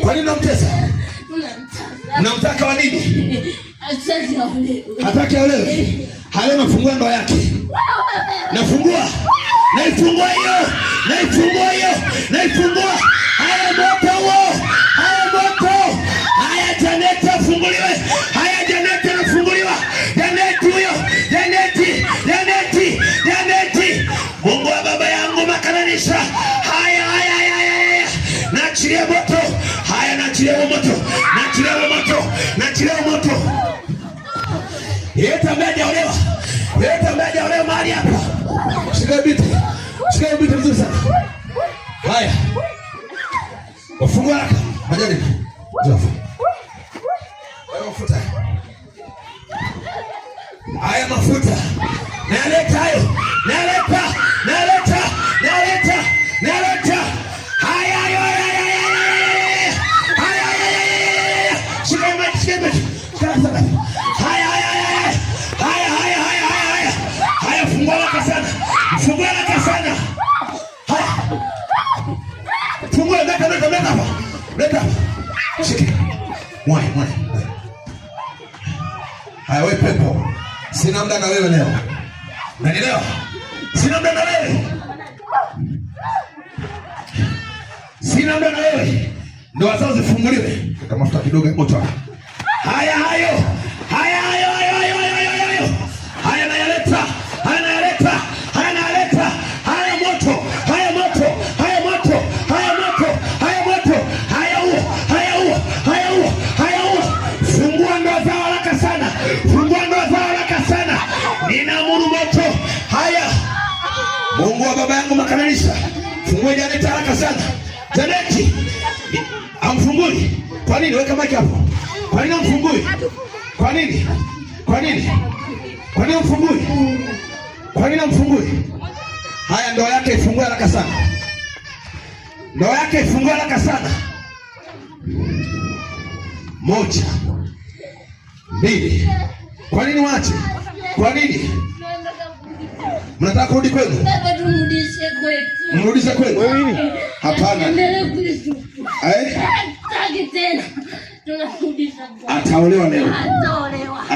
Kwa nini unamtesa? Unamtaka wa nini? Hataki aolewe. Hale nafungua ndoa yake. Nafungua. Naifungua hiyo. Naifungua hiyo. Naifungua. Haya moto huo. Haya moto. Haya janeta funguliwe. Haya janeta nafunguliwa. Janeti huyo. Janeti. Janeti. Janeti. naachilia moto. Haya, naachilia moto, naachilia moto, naachilia moto. Yeyote ambaye hajaolewa, yeyote ambaye hajaolewa mahali hapa, shika biti, shika biti vizuri sana. Haya, wafungua haraka majani, jafu mafuta haya, mafuta naleta hayo, naleta Haya, wewe pepo, sina muda na wewe leo, unanielewa? Sina muda na wewe, sina muda na wewe. Ndoa zao zifunguliwe, utamafuta kidogo moto haya hayo haya hayo hayo hayo hayo hayo haya nayaleta haya nayaleta haya nayaleta haya moto haya moto haya moto haya moto haya moto haya huo haya huo haya huo haya huo. Fungua ndoa za haraka sana, fungua ndoa za haraka sana, ninaamuru moto. Haya, Mungu wa baba yangu makanalisa, fungua janeti haraka sana, janeti amfunguli. Kwa nini? Weka maji hapo. Kwa nini mfungui? Kwa nini? Kwa nini? Kwa nini mfungui? Kwa nini mfungui? Haya, ndoa yake ifungue haraka sana. Ndoa yake ifungue haraka sana. Moja, mbili. Kwa nini waache? Kwa nini? Mnataka kurudi kwenu? Mrudishe kwenu? Hapana. Eh? Hataki Ataolewa leo. Ataolewa.